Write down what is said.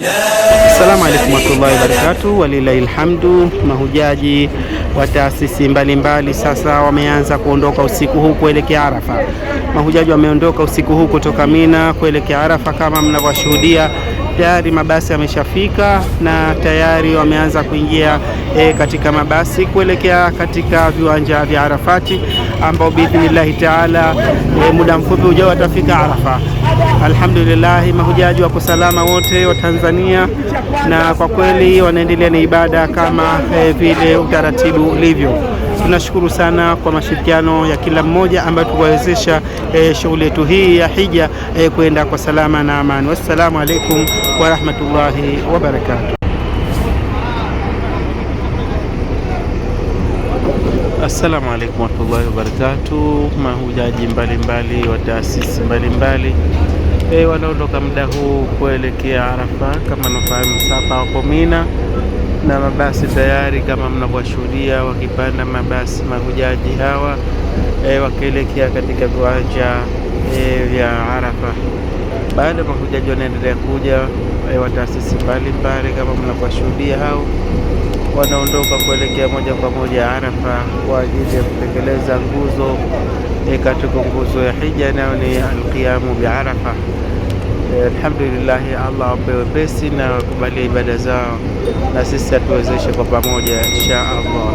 Assalamu alaikum warahmatullahi wabarakatuh. Walilahi lhamdu. Mahujaji wa taasisi mbalimbali sasa wameanza kuondoka usiku huu kuelekea Arafa. Mahujaji wameondoka usiku huu kutoka Mina kuelekea Arafa, kama mnavyoshuhudia tayari mabasi yameshafika na tayari wameanza kuingia e, katika mabasi kuelekea katika viwanja vya Arafati ambao biidhnillahi taala e, muda mfupi ujao watafika Arafa. Alhamdulillahi, mahujaji wako salama wote wa Tanzania, na kwa kweli wanaendelea na ibada kama e, vile utaratibu ulivyo. Tunashukuru sana kwa mashirikiano ya kila mmoja ambayo tuwawezesha e, eh, shughuli yetu hii ya hija e, kwenda kwa salama na amani. Wassalamu alaikum warahmatullahi wabarakatu Assalamu alaikum warahmatullahi wabarakatuh. Mahujaji mbalimbali wa taasisi mbalimbali e, wanaondoka muda huu kuelekea Arafa kama nafahamu, sasa, wako Mina na mabasi tayari kama mnavyoshuhudia wakipanda mabasi mahujaji hawa e, wakielekea katika viwanja e, vya Arafa. ya mahujaji wanaendelea kuja e, wa taasisi mbalimbali kama mnavyoshuhudia hao wanaondoka kuelekea moja kwa moja Arafa kwa ajili ya kutekeleza nguzo e, katika nguzo ya hija, nayo ni alqiyamu bi Arafa. E, alhamdulillah, Allah awape wepesi na wakubalia ibada zao, na sisi atuwezeshe kwa pamoja insha Allah.